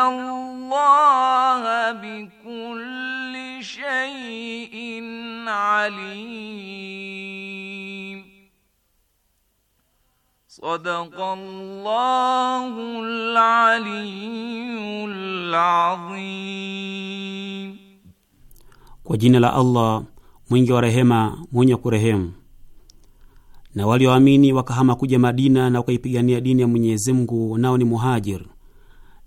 Kwa jina la Allah mwingi wa rehema mwenye kurehemu. Na walioamini wa wakahama kuja Madina na wakaipigania dini ya Mwenyezi Mungu, nao ni muhajir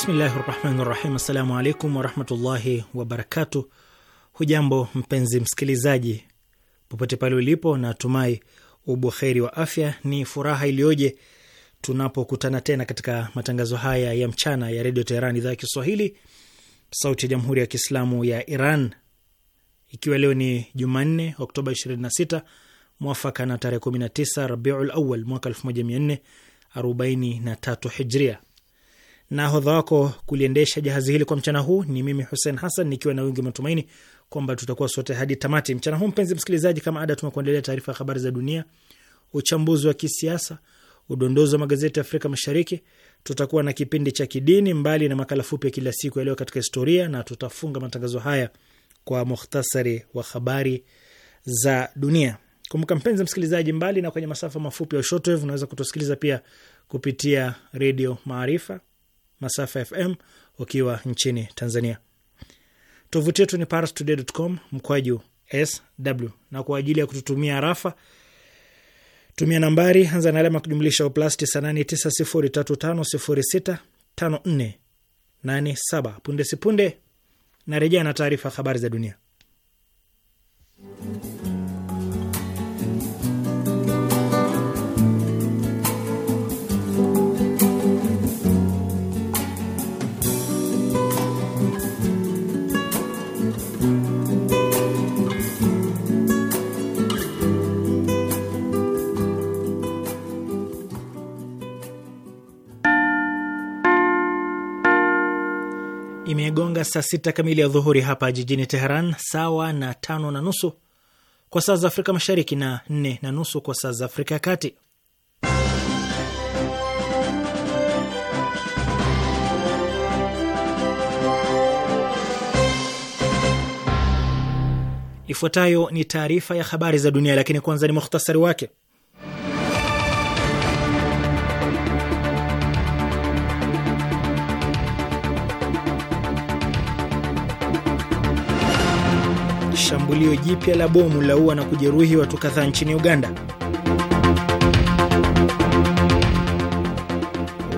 Bismillahi rahmani rahim. Assalamu alaikum warahmatullahi wabarakatu. Hujambo mpenzi msikilizaji, popote pale ulipo, na tumai ubuheri wa afya. Ni furaha iliyoje tunapokutana tena katika matangazo haya ya mchana ya redio Teheran, idhaa ya Kiswahili, sauti ya jamhuri ya kiislamu ya Iran, ikiwa leo ni Jumanne Oktoba 26 mwafaka na tarehe 19 Rabiul Awal mwaka 1443 Hijria nahodha wako kuliendesha jahazi hili kwa mchana huu ni mimi Hussein Hassan, nikiwa na wingi matumaini kwamba tutakuwa sote hadi tamati mchana huu. Mpenzi msikilizaji, kama ada, tumekuandalia taarifa ya habari za dunia, uchambuzi wa kisiasa, udondozi wa magazeti ya Afrika Mashariki, tutakuwa na kipindi cha kidini, mbali na makala fupi ya kila siku yaliyo katika historia, na tutafunga matangazo haya kwa muhtasari wa habari za dunia. Kumbuka mpenzi msikilizaji, mbali na kwenye masafa mafupi ya shortwave, unaweza kutusikiliza pia kupitia Redio Maarifa masafa FM ukiwa nchini Tanzania. Tovuti yetu ni parstoday.com mkwaju sw, na kwa ajili ya kututumia rafa tumia nambari anza na alama kujumlisha uplasti tisa nane tisa sifuri tatu tano sifuri sita tano nne nane saba. Punde sipunde narejea na taarifa habari za dunia. imegonga saa sita kamili ya dhuhuri hapa jijini Teheran, sawa na tano na nusu kwa saa za Afrika Mashariki na nne na nusu kwa saa za Afrika ya Kati. Ifuatayo ni taarifa ya habari za dunia, lakini kwanza ni mukhtasari wake. shambulio jipya la bomu la ua na kujeruhi watu kadhaa nchini Uganda.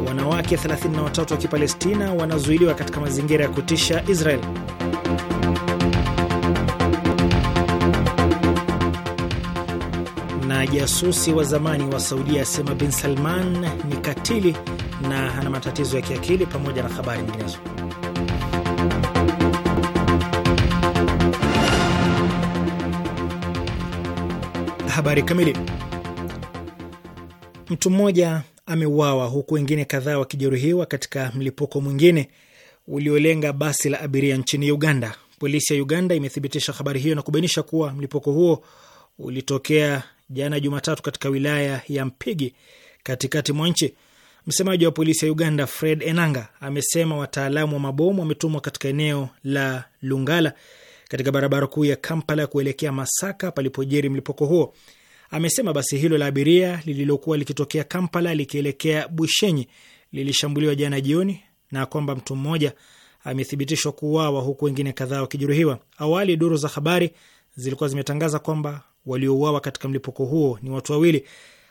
Wanawake 33 wa Kipalestina wanazuiliwa katika mazingira ya kutisha Israel. Na jasusi wa zamani wa Saudia asema Bin Salman ni katili na ana matatizo ya kiakili pamoja na habari nyinginezo. Habari kamili. Mtu mmoja ameuawa huku wengine kadhaa wakijeruhiwa katika mlipuko mwingine uliolenga basi la abiria nchini Uganda. Polisi ya Uganda imethibitisha habari hiyo na kubainisha kuwa mlipuko huo ulitokea jana Jumatatu katika wilaya ya Mpigi katikati mwa nchi. Msemaji wa polisi ya Uganda Fred Enanga amesema wataalamu wa mabomu wametumwa katika eneo la Lungala katika barabara kuu ya Kampala kuelekea Masaka palipojeri mlipuko huo. Amesema basi hilo la abiria lililokuwa likitokea Kampala likielekea Bushenyi lilishambuliwa jana jioni na kwamba mtu mmoja amethibitishwa kuuawa huku wengine kadhaa wakijeruhiwa. Awali duru za habari zilikuwa zimetangaza kwamba waliouawa katika mlipuko huo ni watu wawili.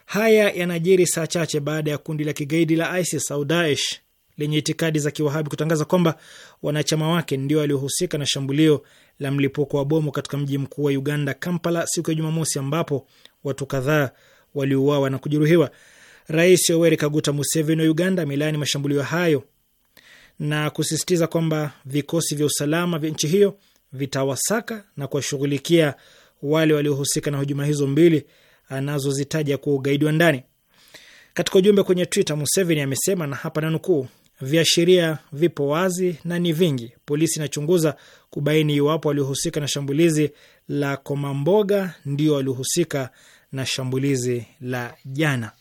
Haya yanajiri saa chache baada ya kundi la kigaidi la ISIS au Daesh lenye itikadi za kiwahabi kutangaza kwamba wanachama wake ndio waliohusika na shambulio la mlipuko wa bomu katika mji mkuu wa Uganda, Kampala, siku ya Jumamosi, ambapo watu kadhaa waliuawa na kujeruhiwa. Rais Yoweri Kaguta Museveni wa Uganda amelaani mashambulio hayo na kusisitiza kwamba vikosi vya usalama vya nchi hiyo vitawasaka na kuwashughulikia wale waliohusika na hujuma hizo mbili anazozitaja kuwa ugaidi wa ndani. Katika ujumbe kwenye Twitter, Museveni amesema na hapa nanukuu, viashiria vipo wazi na ni vingi. Polisi inachunguza kubaini iwapo waliohusika na shambulizi la Komamboga ndio waliohusika na shambulizi la jana.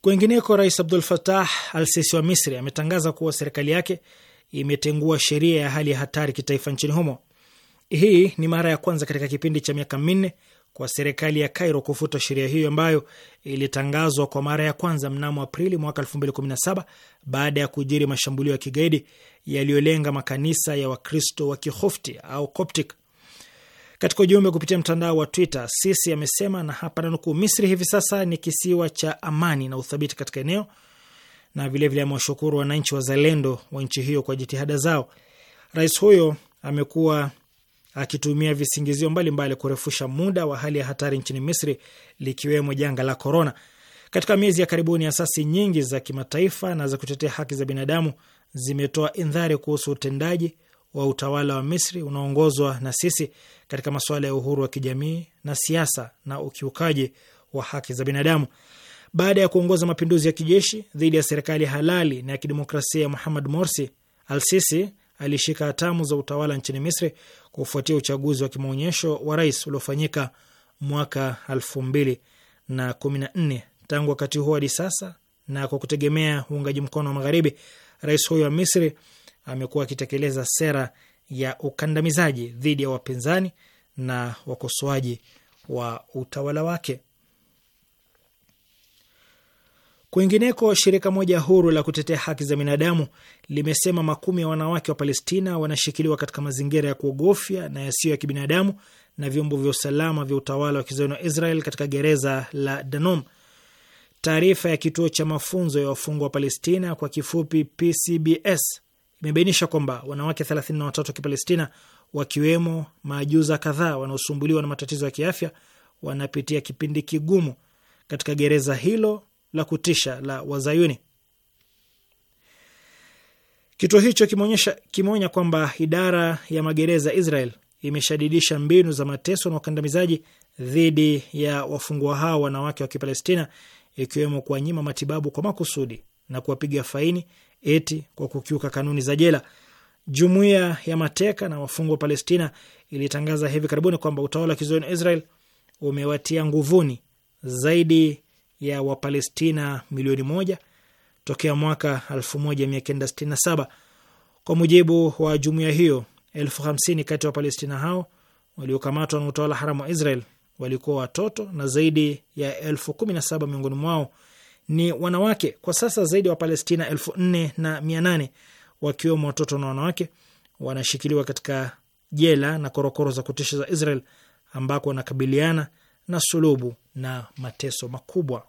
Kwengineko, Rais Abdul Fatah Al Sisi wa Misri ametangaza kuwa serikali yake imetengua sheria ya hali ya hatari kitaifa nchini humo. Hii ni mara ya kwanza katika kipindi cha miaka minne kwa serikali ya Cairo kufuta sheria hiyo ambayo ilitangazwa kwa mara ya kwanza mnamo Aprili mwaka 2017 baada ya kujiri mashambulio ya kigaidi yaliyolenga makanisa ya Wakristo wa Kihofti au Coptic. Katika ujumbe kupitia mtandao wa Twitter, Sisi amesema na hapa nanukuu, Misri hivi sasa ni kisiwa cha amani na uthabiti katika eneo, na vilevile amewashukuru wananchi wazalendo wa nchi hiyo kwa jitihada zao. Rais huyo amekuwa akitumia visingizio mbalimbali kurefusha muda wa hali ya hatari nchini Misri, likiwemo janga la korona. Katika miezi ya karibuni, asasi nyingi za kimataifa na za kutetea haki za binadamu zimetoa indhari kuhusu utendaji wa utawala wa Misri unaoongozwa na sisi katika masuala ya uhuru wa kijamii na siasa na ukiukaji wa haki za binadamu. Baada ya kuongoza mapinduzi ya kijeshi dhidi ya serikali halali na ya kidemokrasia ya Muhammad Morsi, Al-Sisi alishika hatamu za utawala nchini Misri kufuatia uchaguzi wa kimaonyesho wa rais uliofanyika mwaka elfu mbili na kumi na nne. Tangu wakati huo hadi sasa, na kwa kutegemea uungaji mkono wa Magharibi, rais huyo wa Misri amekuwa akitekeleza sera ya ukandamizaji dhidi ya wapinzani na wakosoaji wa utawala wake. Kwingineko, shirika moja huru la kutetea haki za binadamu limesema makumi ya wanawake wa Palestina wanashikiliwa katika mazingira ya kuogofya na yasiyo ya kibinadamu na vyombo vya usalama vya utawala wa kizayuni wa Israel katika gereza la Danom. Taarifa ya kituo cha mafunzo ya wafungwa wa Palestina kwa kifupi PCBS imebainisha kwamba wanawake 33 wa Kipalestina wakiwemo maajuza kadhaa wanaosumbuliwa na matatizo ya kiafya wanapitia kipindi kigumu katika gereza hilo la kutisha la Wazayuni. Kituo hicho kimeonya kwamba idara ya magereza Israel imeshadidisha mbinu za mateso na ukandamizaji dhidi ya wafungwa hao wanawake wa Kipalestina, ikiwemo kuwanyima matibabu kwa makusudi na kuwapiga faini eti kwa kukiuka kanuni za jela. Jumuiya ya mateka na wafungwa wa Palestina ilitangaza hivi karibuni kwamba utawala wa kizayuni Israel umewatia nguvuni zaidi ya Wapalestina milioni moja tokea mwaka 1967. Kwa mujibu wa jumuiya hiyo, elfu hamsini kati ya Wapalestina hao waliokamatwa na utawala haramu wa Israel walikuwa watoto na zaidi ya elfu kumi na saba miongoni mwao ni wanawake. Kwa sasa zaidi ya wa Wapalestina elfu nne na mia nane wakiwemo watoto na wanawake wanashikiliwa katika jela na korokoro za kutisha za Israel ambako wanakabiliana na sulubu na mateso makubwa.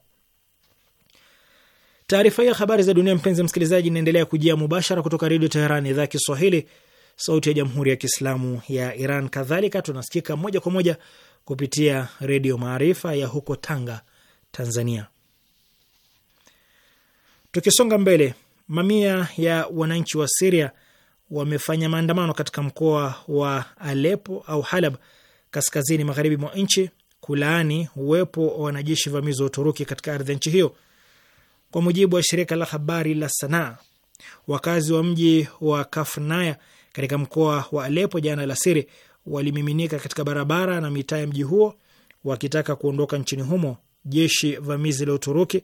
Taarifa hii ya habari za dunia, mpenzi msikilizaji, inaendelea kujia mubashara kutoka Redio Teherani, idhaa Kiswahili, sauti ya jamhuri ya kiislamu ya Iran. Kadhalika tunasikika moja kwa moja kupitia Redio Maarifa ya huko Tanga, Tanzania. Tukisonga mbele, mamia ya wananchi wa Siria wamefanya maandamano katika mkoa wa Alepo au Halab, kaskazini magharibi mwa nchi, kulaani uwepo wa wanajeshi vamizi wa Uturuki katika ardhi ya nchi hiyo. Kwa mujibu wa shirika la habari la Sanaa, wakazi wa mji wa Kafnaya katika mkoa wa Alepo jana alasiri walimiminika katika barabara na mitaa ya mji huo wakitaka kuondoka nchini humo jeshi vamizi la Uturuki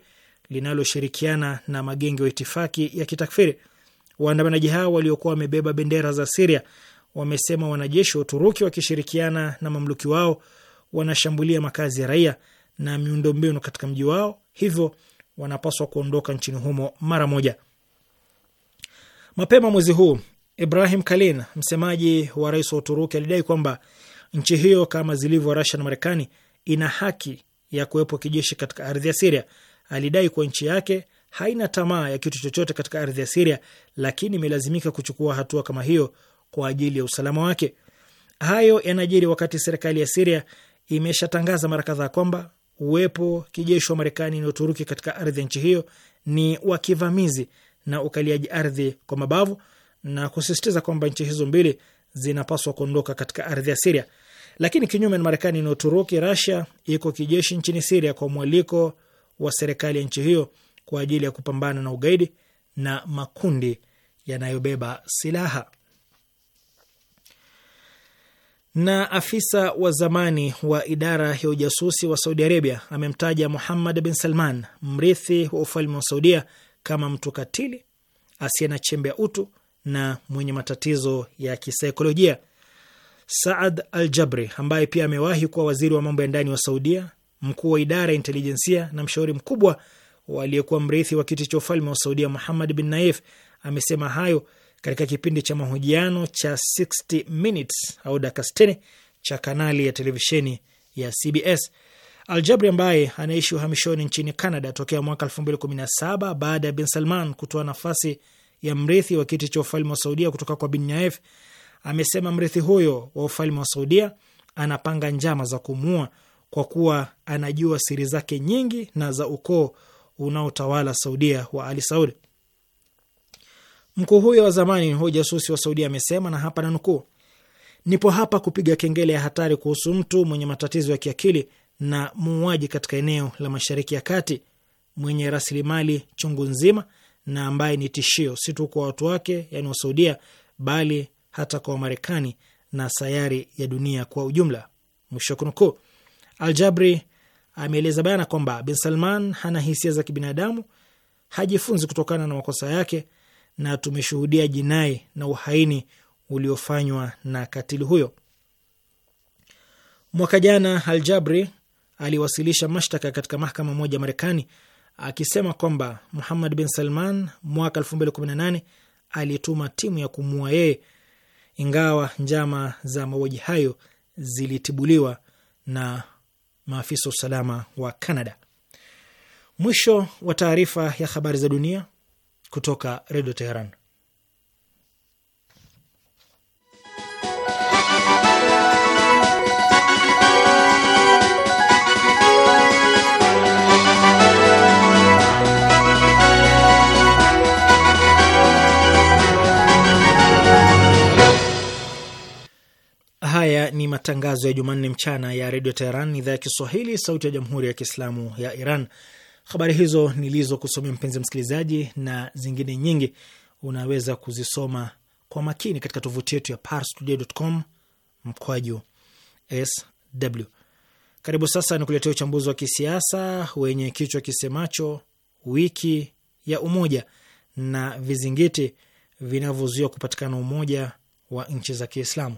linaloshirikiana na magenge wa itifaki ya kitakfiri. Waandamanaji hao waliokuwa wamebeba bendera za Siria wamesema wanajeshi wa Uturuki wakishirikiana na mamluki wao wanashambulia makazi ya raia na miundombinu katika mji wao, hivyo wanapaswa kuondoka nchini humo mara moja. Mapema mwezi huu Ibrahim Kalin, msemaji wa rais wa Uturuki, alidai kwamba nchi hiyo kama zilivyo Rasia na Marekani ina haki ya kuwepo kijeshi katika ardhi ya Siria. Alidai kuwa nchi yake haina tamaa ya kitu chochote katika ardhi ya Siria, lakini imelazimika kuchukua hatua kama hiyo kwa ajili ya usalama wake. Hayo yanajiri wakati serikali ya Siria imeshatangaza mara kadhaa kwamba uwepo kijeshi wa Marekani na Uturuki katika ardhi ya nchi hiyo ni wakivamizi na ukaliaji ardhi kwa mabavu na kusisitiza kwamba nchi hizo mbili zinapaswa kuondoka katika ardhi ya Siria. Lakini kinyume na Marekani na Uturuki, Rasia iko kijeshi nchini Siria kwa mwaliko wa serikali ya nchi hiyo kwa ajili ya kupambana na ugaidi na makundi yanayobeba silaha. Na afisa wa zamani wa idara ya ujasusi wa Saudi Arabia amemtaja Muhammad bin Salman, mrithi wa ufalme wa Saudia, kama mtu katili asiye na chembe ya utu na mwenye matatizo ya kisaikolojia. Saad Al Jabri, ambaye pia amewahi kuwa waziri wa mambo ya ndani wa Saudia, mkuu wa idara ya intelijensia na mshauri mkubwa waliyekuwa mrithi wa kiti cha ufalme wa Saudia Muhammad bin Naif, amesema hayo katika kipindi cha mahojiano cha 60 minutes au dakika 60 cha kanali ya televisheni ya CBS. Aljabri ambaye anaishi uhamishoni nchini Canada tokea mwaka 2017 baada ya Bin Salman kutoa nafasi ya mrithi wa kiti cha ufalme wa Saudia kutoka kwa Bin Naef, amesema mrithi huyo wa ufalme wa Saudia anapanga njama za kumua kwa kuwa anajua siri zake nyingi na za ukoo unaotawala Saudia wa Ali Saud. Mkuu huyo wa zamani wa ujasusi wa Saudia amesema, na hapa nanukuu, nipo hapa kupiga kengele ya hatari kuhusu mtu mwenye matatizo ya kiakili na muuaji katika eneo la Mashariki ya Kati, mwenye rasilimali chungu nzima na ambaye ni tishio si tu kwa watu wake, yani wa Saudia, bali hata kwa Wamarekani na sayari ya dunia kwa ujumla, mwisho kunukuu. Aljabri ameeleza bayana kwamba Bin Salman hana hisia za kibinadamu, hajifunzi kutokana na makosa yake na tumeshuhudia jinai na uhaini uliofanywa na katili huyo. Mwaka jana Aljabri aliwasilisha mashtaka katika mahakama moja Marekani akisema kwamba Muhammad bin Salman mwaka 2018 alituma timu ya kumua yeye, ingawa njama za mauaji hayo zilitibuliwa na maafisa usalama wa canada Mwisho wa taarifa ya habari za dunia kutoka Redio Teheran. Haya ni matangazo ya Jumanne mchana ya Redio Teheran, idhaa ya Kiswahili, sauti ya Jamhuri ya Kiislamu ya Iran. Habari hizo nilizokusomea mpenzi msikilizaji, na zingine nyingi unaweza kuzisoma kwa makini katika tovuti yetu ya parstoday.com mkwaju sw. Karibu sasa ni kuletea uchambuzi wa kisiasa wenye kichwa kisemacho wiki ya umoja na vizingiti vinavyozuia kupatikana umoja wa nchi za Kiislamu.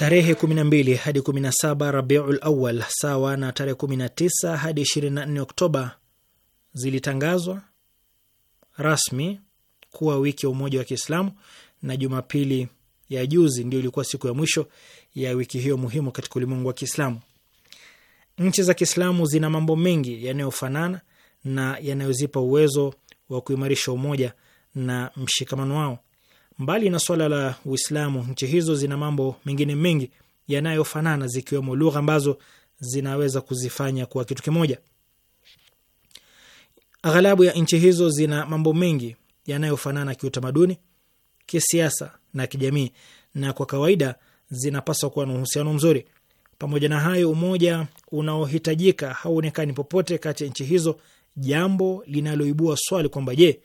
Tarehe 12 hadi 17 Rabiul Awal sawa na tarehe 19 hadi 24 Oktoba zilitangazwa rasmi kuwa wiki ya umoja wa Kiislamu, na Jumapili ya juzi ndio ilikuwa siku ya mwisho ya wiki hiyo muhimu katika ulimwengu wa Kiislamu. Nchi za Kiislamu zina mambo mengi yanayofanana na yanayozipa uwezo wa kuimarisha umoja na mshikamano wao. Mbali na swala la Uislamu, nchi hizo zina mambo mengine mengi yanayofanana, zikiwemo lugha ambazo zinaweza kuzifanya kuwa kitu kimoja. Aghalabu ya nchi hizo zina mambo mengi yanayofanana kiutamaduni, kisiasa na kijamii, na kwa kawaida zinapaswa kuwa na uhusiano mzuri. Pamoja na hayo, umoja unaohitajika hauonekani popote kati ya nchi hizo, jambo linaloibua swali kwamba je,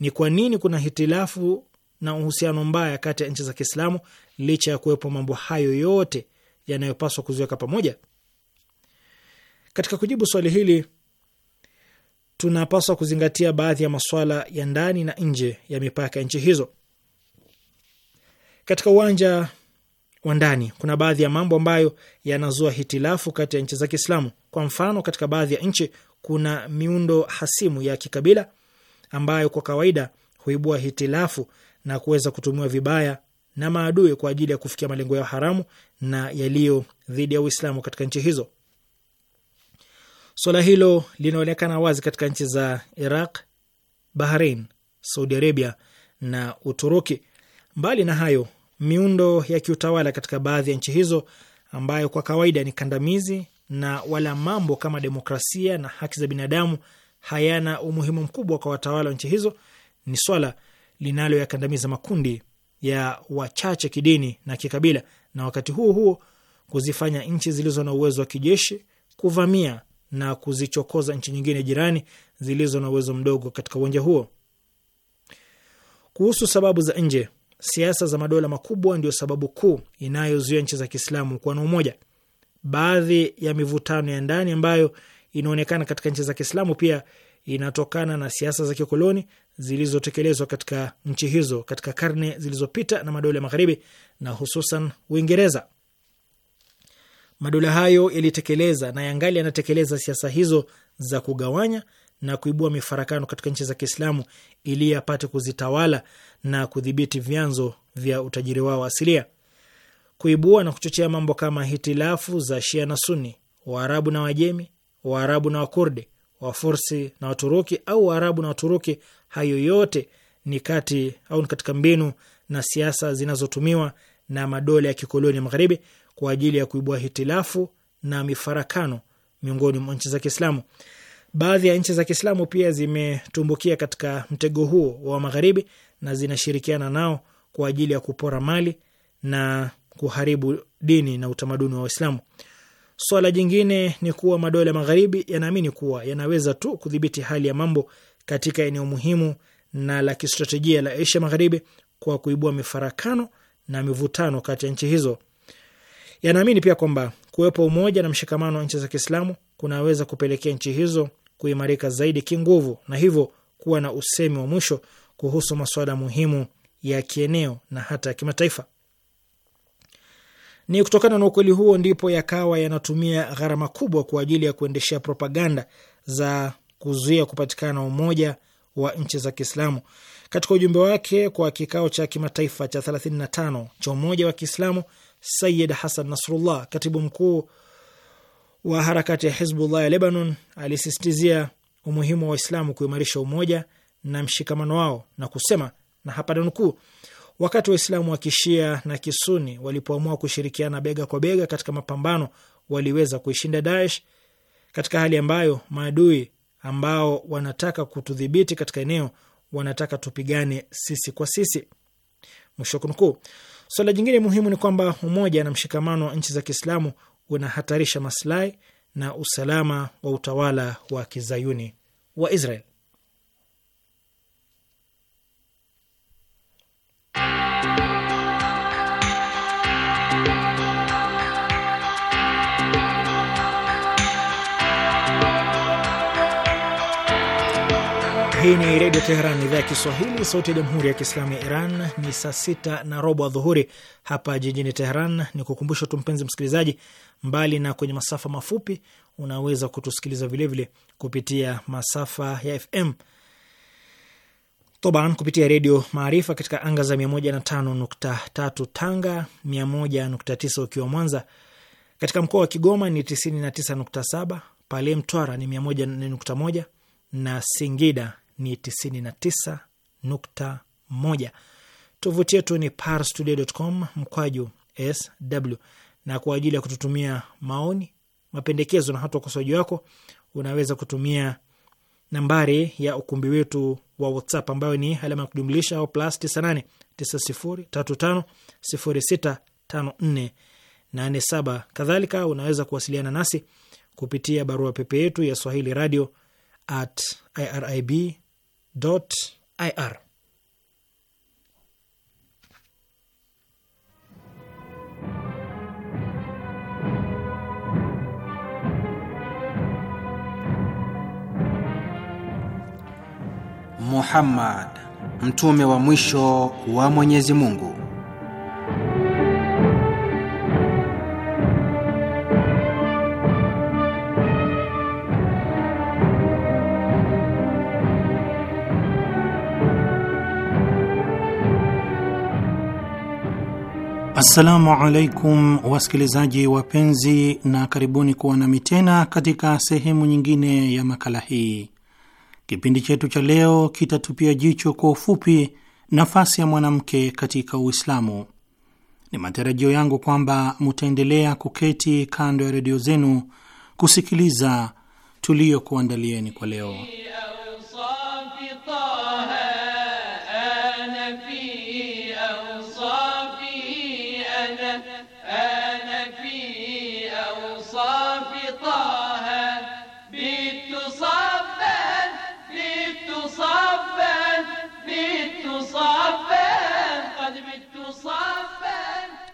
ni kwa nini kuna hitilafu na uhusiano mbaya kati ya nchi za Kiislamu licha ya kuwepo mambo hayo yote yanayopaswa kuziweka pamoja. Katika kujibu swali hili, tunapaswa kuzingatia baadhi ya masuala ya ndani na nje ya mipaka ya nchi hizo. Katika uwanja wa ndani, kuna baadhi ya mambo ambayo yanazua hitilafu kati ya nchi za Kiislamu. Kwa mfano, katika baadhi ya nchi kuna miundo hasimu ya kikabila ambayo kwa kawaida huibua hitilafu na kuweza kutumiwa vibaya na maadui kwa ajili ya kufikia malengo yao haramu na yaliyo dhidi ya Uislamu katika nchi hizo. Swala hilo linaonekana wazi katika nchi za Iraq, Bahrain, Saudi Arabia na Uturuki. Mbali na hayo, miundo ya kiutawala katika baadhi ya nchi hizo ambayo kwa kawaida ni kandamizi na wala mambo kama demokrasia na haki za binadamu hayana umuhimu mkubwa kwa watawala wa nchi hizo ni swala linaloyakandamiza makundi ya wachache kidini na kikabila, na wakati huo huo kuzifanya nchi zilizo na uwezo wa kijeshi kuvamia na kuzichokoza nchi nyingine jirani zilizo na uwezo mdogo katika uwanja huo. Kuhusu sababu za nje, siasa za madola makubwa ndio sababu kuu inayozuia nchi za Kiislamu kuwa na umoja. Baadhi ya mivutano ya ndani ambayo inaonekana katika nchi za Kiislamu pia inatokana na siasa za kikoloni zilizotekelezwa katika nchi hizo katika karne zilizopita na madola ya Magharibi na hususan Uingereza. Madola hayo yalitekeleza na yangali yanatekeleza siasa hizo za kugawanya na kuibua mifarakano katika nchi za Kiislamu ili yapate kuzitawala na kudhibiti vyanzo vya utajiri wao asilia, kuibua na kuchochea mambo kama hitilafu za Shia na Suni, Waarabu na Wajemi, Waarabu na Wakurdi, Wafursi na Waturuki au Waarabu na Waturuki. Hayo yote ni kati au ni katika mbinu na siasa zinazotumiwa na madola ya kikoloni ya Magharibi kwa ajili ya kuibua hitilafu na mifarakano miongoni mwa nchi za Kiislamu. Baadhi ya nchi za Kiislamu pia zimetumbukia katika mtego huo wa Magharibi na zinashirikiana nao kwa ajili ya kupora mali na kuharibu dini na utamaduni wa Waislamu. Swala jingine ni kuwa madola magharibi yanaamini kuwa yanaweza tu kudhibiti hali ya mambo katika eneo muhimu na la kistratejia la Asia Magharibi kwa kuibua mifarakano na mivutano kati ya nchi hizo. Yanaamini pia kwamba kuwepo umoja na mshikamano wa nchi za Kiislamu kunaweza kupelekea nchi hizo kuimarika zaidi kinguvu na hivyo kuwa na usemi wa mwisho kuhusu masuala muhimu ya kieneo na hata ya kimataifa. Ni kutokana na ukweli huo ndipo yakawa yanatumia gharama kubwa kwa ajili ya kuendeshea propaganda za kuzuia kupatikana umoja wa nchi za Kiislamu. Katika ujumbe wake kwa kikao cha kimataifa cha 35 cha umoja wa Kiislamu, Sayid Hasan Nasrullah, katibu mkuu wa harakati ya Hizbullah ya Lebanon, alisisitizia umuhimu wa Waislamu kuimarisha umoja na mshikamano wao na kusema, na hapa nanukuu Wakati Waislamu wa kishia na kisuni walipoamua kushirikiana bega kwa bega katika mapambano, waliweza kuishinda Daesh katika hali ambayo maadui ambao wanataka kutudhibiti katika eneo wanataka tupigane sisi kwa sisi. Mwisho kunukuu. Swala jingine muhimu ni kwamba umoja na mshikamano wa nchi za Kiislamu unahatarisha maslahi na usalama wa utawala wa kizayuni wa Israel. Hii ni Redio Teheran, idhaa ya Kiswahili, sauti ya Jamhuri ya Kiislamu ya Iran. Ni saa sita na robo adhuhuri hapa jijini Teheran. Ni kukumbusha tu mpenzi msikilizaji, mbali na kwenye masafa mafupi, unaweza kutusikiliza vilevile vile kupitia masafa ya FM Toban kupitia Redio Maarifa katika anga za 105.3 Tanga, 101.9 ukiwa Mwanza. Katika mkoa wa Kigoma ni 99.7, pale Mtwara ni 104.1 na Singida ni 99.1. Tovuti yetu ni parstoday.com mkwaju sw, na kwa ajili ya kututumia maoni, mapendekezo na hata ukosoaji wako, unaweza kutumia nambari ya ukumbi wetu wa WhatsApp ambayo ni alama ya kujumlisha au plus 98 Kadhalika unaweza kuwasiliana nasi kupitia barua pepe yetu ya Swahili radio at irib ir. Muhammad mtume wa mwisho wa Mwenyezi Mungu Assalamu alaikum wasikilizaji wapenzi, na karibuni kuwa nami tena katika sehemu nyingine ya makala hii. Kipindi chetu cha leo kitatupia jicho kwa ufupi nafasi ya mwanamke katika Uislamu. Ni matarajio yangu kwamba mutaendelea kuketi kando ya redio zenu kusikiliza tuliyokuandalieni kwa leo.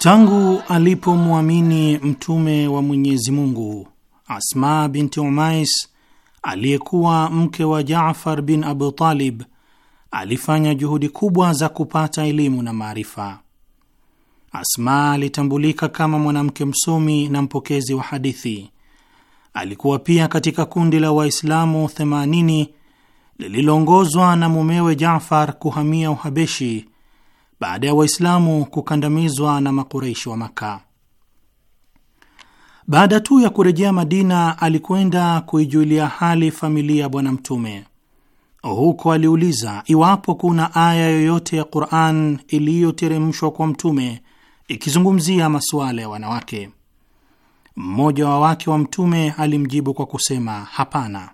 Tangu alipomwamini mtume wa Mwenyezi Mungu, Asma binti Umais aliyekuwa mke wa Jaafar bin Abu Talib alifanya juhudi kubwa za kupata elimu na maarifa. Asma alitambulika kama mwanamke msomi na mpokezi wa hadithi. Alikuwa pia katika kundi la Waislamu 80 lililoongozwa na mumewe Jaafar kuhamia Uhabeshi baada ya Waislamu kukandamizwa na Makureishi wa Maka. Baada tu ya kurejea Madina, alikwenda kuijulia hali familia ya Bwana Mtume. Huko aliuliza iwapo kuna aya yoyote ya Quran iliyoteremshwa kwa Mtume ikizungumzia masuala ya wanawake. Mmoja wa wake wa Mtume alimjibu kwa kusema hapana.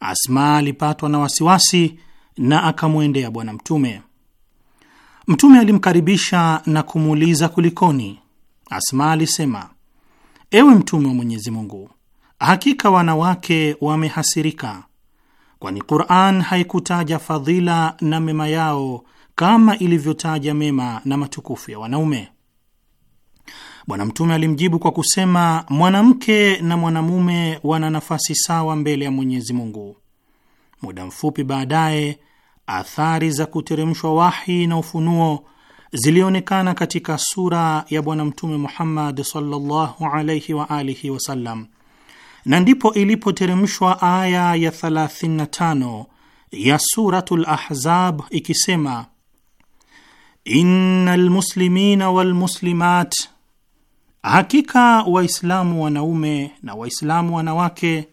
Asma alipatwa na wasiwasi na akamwendea Bwana Mtume. Mtume alimkaribisha na kumuuliza kulikoni. Asma alisema, ewe Mtume wa Mwenyezi Mungu, hakika wanawake wamehasirika, kwani Qur'an haikutaja fadhila na mema yao kama ilivyotaja mema na matukufu ya wanaume. Bwana Mtume alimjibu kwa kusema, mwanamke na mwanamume wana nafasi sawa mbele ya Mwenyezi Mungu. Muda mfupi baadaye athari za kuteremshwa wahi na ufunuo zilionekana katika sura ya Bwana Mtume Muhammad sallallahu alayhi wa alihi wasallam, na ndipo ilipoteremshwa aya ya 35 ya Suratul Ahzab ikisema innal muslimina wal muslimat, hakika Waislamu wanaume na Waislamu wanawake,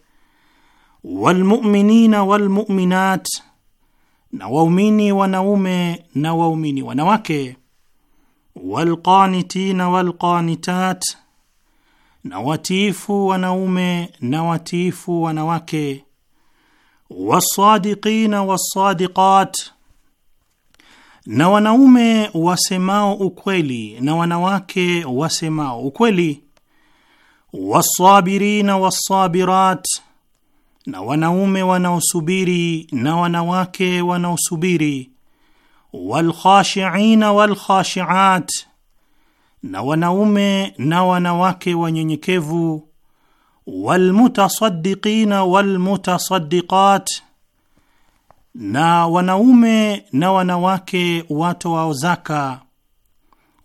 walmuminina walmuminat na waumini wanaume na waumini wanawake, walqanitina walqanitat, na watiifu wanaume na watiifu wanawake, wasadiqina wasadiqat, na wanaume wasemao ukweli na wanawake wasemao ukweli, wasabirina wasabirat na wanaume wanaosubiri na wanawake wanaosubiri, walkhashiina walkhashiat, na wanaume na wanawake wanyenyekevu, walmutasaddiqina walmutasaddiqat, na wanaume na wanawake watoao zaka,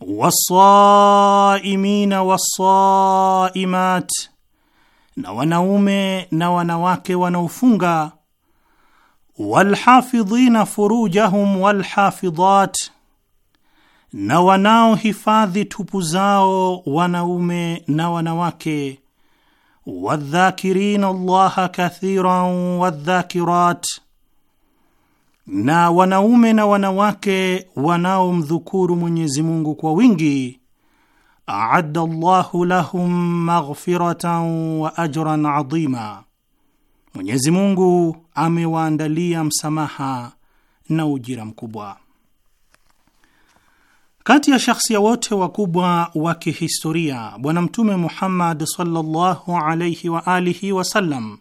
wassaimina wassaimat na wanaume na wanawake wanaofunga, walhafidhina furujahum walhafidhat, na wanaohifadhi tupu zao wanaume na wanawake, wadhakirina Allaha kathiran wadhakirat, na wanaume na wanawake wanaomdhukuru Mwenyezi Mungu kwa wingi aadda Allahu lahum maghfiratan wa ajran adhima, Mwenyezi Mungu amewaandalia msamaha na ujira mkubwa. Kati ya shakhsia wote wakubwa wa kihistoria, Bwana Mtume Muhammad sallallahu alayhi wa alihi wasallam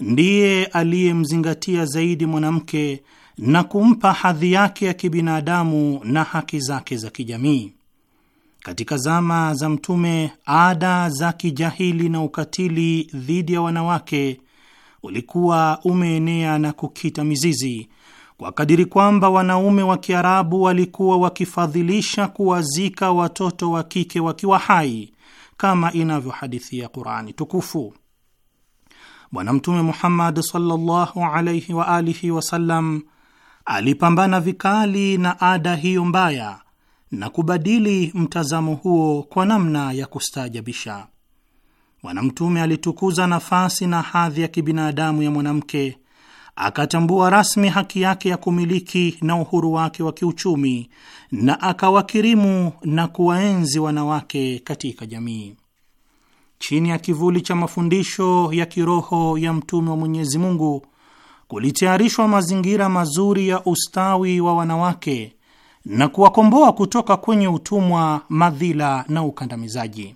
ndiye aliyemzingatia zaidi mwanamke na kumpa hadhi yake ya kibinadamu na haki zake za kijamii. Katika zama za Mtume, ada za kijahili na ukatili dhidi ya wanawake ulikuwa umeenea na kukita mizizi kwa kadiri kwamba wanaume wa Kiarabu walikuwa wakifadhilisha kuwazika watoto wa kike wakiwa hai kama inavyohadithia Qurani Tukufu. Bwana Mtume Muhammad sallallahu wa alihi wasallam alipambana vikali na ada hiyo mbaya na kubadili mtazamo huo kwa namna ya kustaajabisha. Bwana Mtume alitukuza nafasi na hadhi ya kibinadamu ya mwanamke, akatambua rasmi haki yake ya kumiliki na uhuru wake wa kiuchumi, na akawakirimu na kuwaenzi wanawake katika jamii. Chini ya kivuli cha mafundisho ya kiroho ya Mtume wa Mwenyezi Mungu kulitayarishwa mazingira mazuri ya ustawi wa wanawake na kuwakomboa kutoka kwenye utumwa, madhila na ukandamizaji.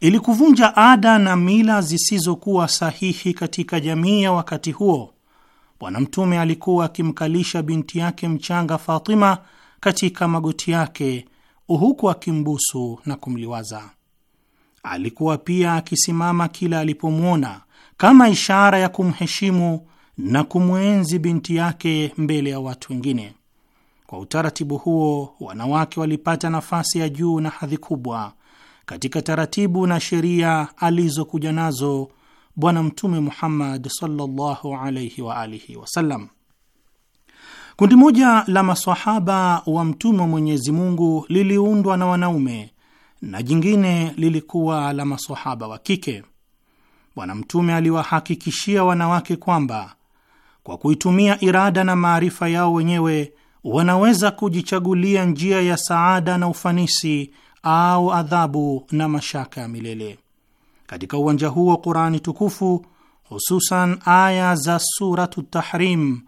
Ili kuvunja ada na mila zisizokuwa sahihi katika jamii ya wakati huo, Bwana Mtume alikuwa akimkalisha binti yake mchanga Fatima katika magoti yake huku akimbusu na kumliwaza. Alikuwa pia akisimama kila alipomwona kama ishara ya kumheshimu na kumwenzi binti yake mbele ya watu wengine. Kwa utaratibu huo, wanawake walipata nafasi ya juu na hadhi kubwa katika taratibu na sheria alizokuja nazo Bwana Mtume Muhammad sallallahu alayhi wa alihi wasallam. Kundi moja la masahaba wa Mtume wa Mwenyezi Mungu liliundwa na wanaume na jingine lilikuwa la masahaba wa kike. Bwana Mtume aliwahakikishia wanawake kwamba kwa kuitumia irada na maarifa yao wenyewe wanaweza kujichagulia njia ya saada na ufanisi au adhabu na mashaka ya milele. Katika uwanja huo, Qurani tukufu hususan aya za Suratu Tahrim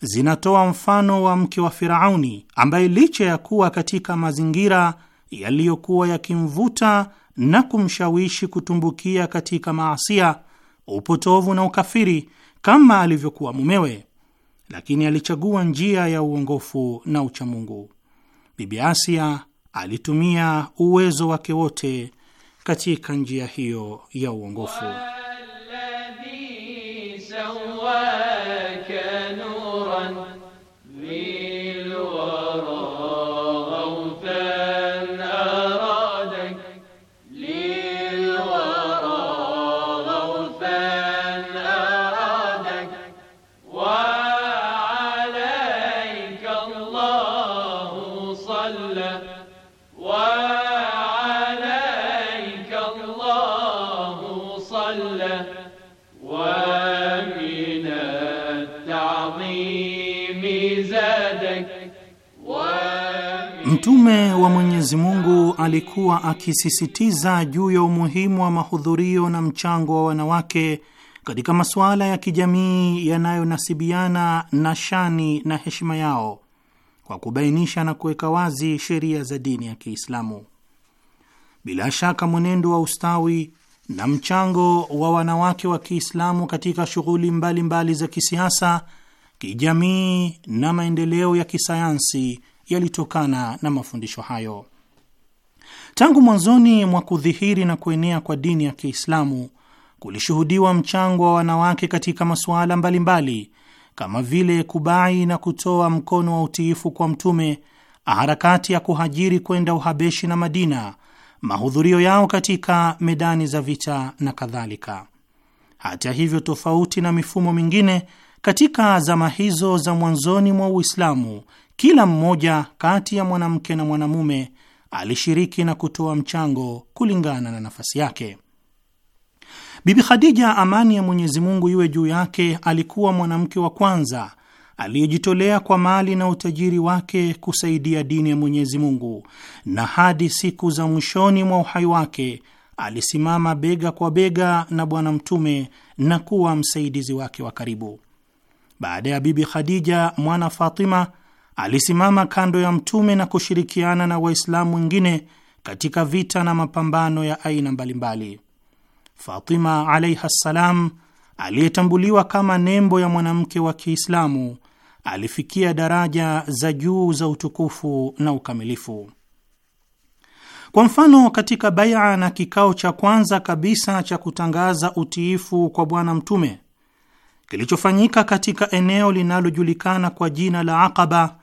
zinatoa mfano wa mke wa Firauni ambaye licha ya kuwa katika mazingira yaliyokuwa yakimvuta na kumshawishi kutumbukia katika maasia, upotovu na ukafiri kama alivyokuwa mumewe lakini alichagua njia ya uongofu na uchamungu. Bibi Asia alitumia uwezo wake wote katika njia hiyo ya uongofu. Mtume wa Mwenyezi Mungu alikuwa akisisitiza juu ya umuhimu wa mahudhurio na mchango wa wanawake katika masuala ya kijamii yanayonasibiana na shani na heshima yao kwa kubainisha na kuweka wazi sheria za dini ya Kiislamu. Bila shaka mwenendo wa ustawi na mchango wa wanawake wa Kiislamu katika shughuli mbalimbali za kisiasa, kijamii na maendeleo ya kisayansi yalitokana na mafundisho hayo. Tangu mwanzoni mwa kudhihiri na kuenea kwa dini ya Kiislamu kulishuhudiwa mchango wa wanawake katika masuala mbalimbali kama vile kubai na kutoa mkono wa utiifu kwa Mtume, harakati ya kuhajiri kwenda Uhabeshi na Madina mahudhurio yao katika medani za vita na kadhalika. Hata hivyo, tofauti na mifumo mingine katika zama hizo za mwanzoni mwa Uislamu, kila mmoja kati ya mwanamke na mwanamume alishiriki na kutoa mchango kulingana na nafasi yake. Bibi Khadija, amani ya Mwenyezi Mungu iwe juu yake, alikuwa mwanamke wa kwanza aliyejitolea kwa mali na utajiri wake kusaidia dini ya Mwenyezi Mungu, na hadi siku za mwishoni mwa uhai wake alisimama bega kwa bega na Bwana Mtume na kuwa msaidizi wake wa karibu. Baada ya Bibi Khadija, mwana Fatima alisimama kando ya Mtume na kushirikiana na Waislamu wengine katika vita na mapambano ya aina mbalimbali. Fatima alaihi ssalam, aliyetambuliwa kama nembo ya mwanamke wa Kiislamu, alifikia daraja za juu za utukufu na ukamilifu. Kwa mfano, katika baia na kikao cha kwanza kabisa cha kutangaza utiifu kwa Bwana Mtume kilichofanyika katika eneo linalojulikana kwa jina la Aqaba,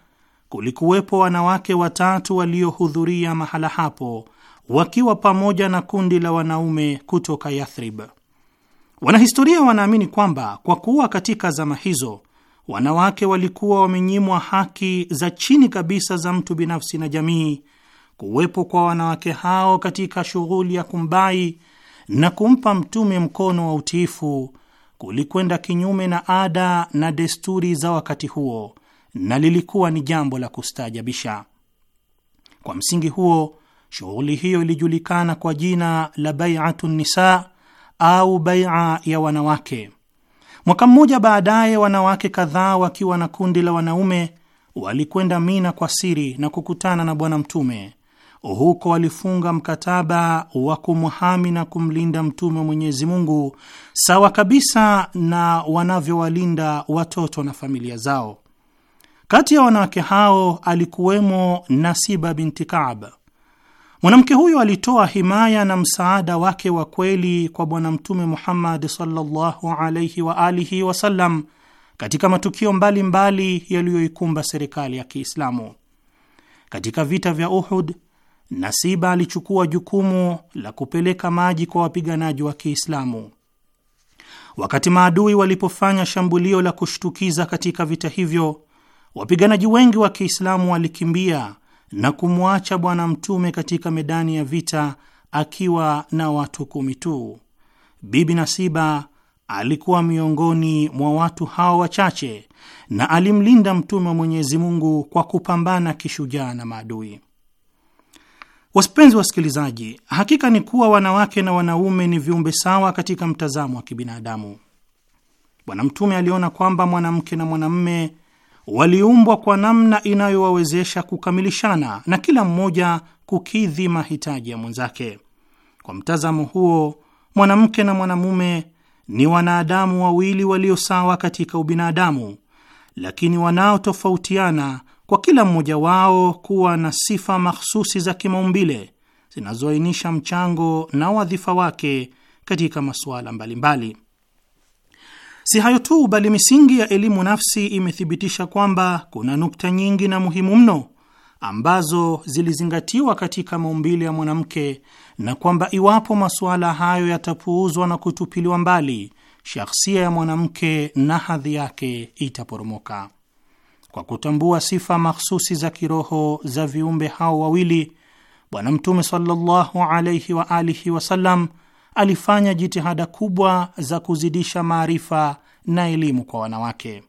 kulikuwepo wanawake watatu waliohudhuria mahala hapo wakiwa pamoja na kundi la wanaume kutoka Yathrib. Wanahistoria wanaamini kwamba kwa kuwa katika zama hizo wanawake walikuwa wamenyimwa haki za chini kabisa za mtu binafsi na jamii. Kuwepo kwa wanawake hao katika shughuli ya kumbai na kumpa Mtume mkono wa utiifu kulikwenda kinyume na ada na desturi za wakati huo na lilikuwa ni jambo la kustaajabisha. Kwa msingi huo, shughuli hiyo ilijulikana kwa jina la bai'atu nisa au bai'a ya wanawake. Mwaka mmoja baadaye, wanawake kadhaa wakiwa na kundi la wanaume walikwenda Mina kwa siri na kukutana na Bwana Mtume. Huko walifunga mkataba wa kumhami na kumlinda Mtume wa Mwenyezi Mungu sawa kabisa na wanavyowalinda watoto na familia zao. Kati ya wanawake hao alikuwemo Nasiba binti Kaab. Mwanamke huyo alitoa himaya na msaada wake wa kweli kwa Bwana Mtume Muhammad sallallahu alaihi wa alihi wasallam katika matukio mbalimbali yaliyoikumba serikali ya Kiislamu. Katika vita vya Uhud, Nasiba alichukua jukumu la kupeleka maji kwa wapiganaji wa Kiislamu. Wakati maadui walipofanya shambulio la kushtukiza katika vita hivyo, wapiganaji wengi wa Kiislamu walikimbia na kumwacha Bwana Mtume katika medani ya vita akiwa na watu kumi tu. Bibi Nasiba alikuwa miongoni mwa watu hao wachache na alimlinda Mtume wa Mwenyezi Mungu kwa kupambana kishujaa na maadui. Wapenzi wasikilizaji, hakika ni kuwa wanawake na wanaume ni viumbe sawa katika mtazamo wa kibinadamu. Bwana Mtume aliona kwamba mwanamke na mwanamme waliumbwa kwa namna inayowawezesha kukamilishana na kila mmoja kukidhi mahitaji ya mwenzake. Kwa mtazamo huo, mwanamke na mwanamume ni wanadamu wawili walio sawa katika ubinadamu, lakini wanaotofautiana kwa kila mmoja wao kuwa na sifa mahsusi za kimaumbile zinazoainisha mchango na wadhifa wake katika masuala mbalimbali mbali. Si hayo tu, bali misingi ya elimu nafsi imethibitisha kwamba kuna nukta nyingi na muhimu mno ambazo zilizingatiwa katika maumbile ya mwanamke na kwamba iwapo masuala hayo yatapuuzwa na kutupiliwa mbali, shakhsia ya mwanamke na hadhi yake itaporomoka. Kwa kutambua sifa mahsusi za kiroho za viumbe hao wawili, Bwana Mtume sallallahu wa alihi wasallam alifanya jitihada kubwa za kuzidisha maarifa na elimu kwa wanawake.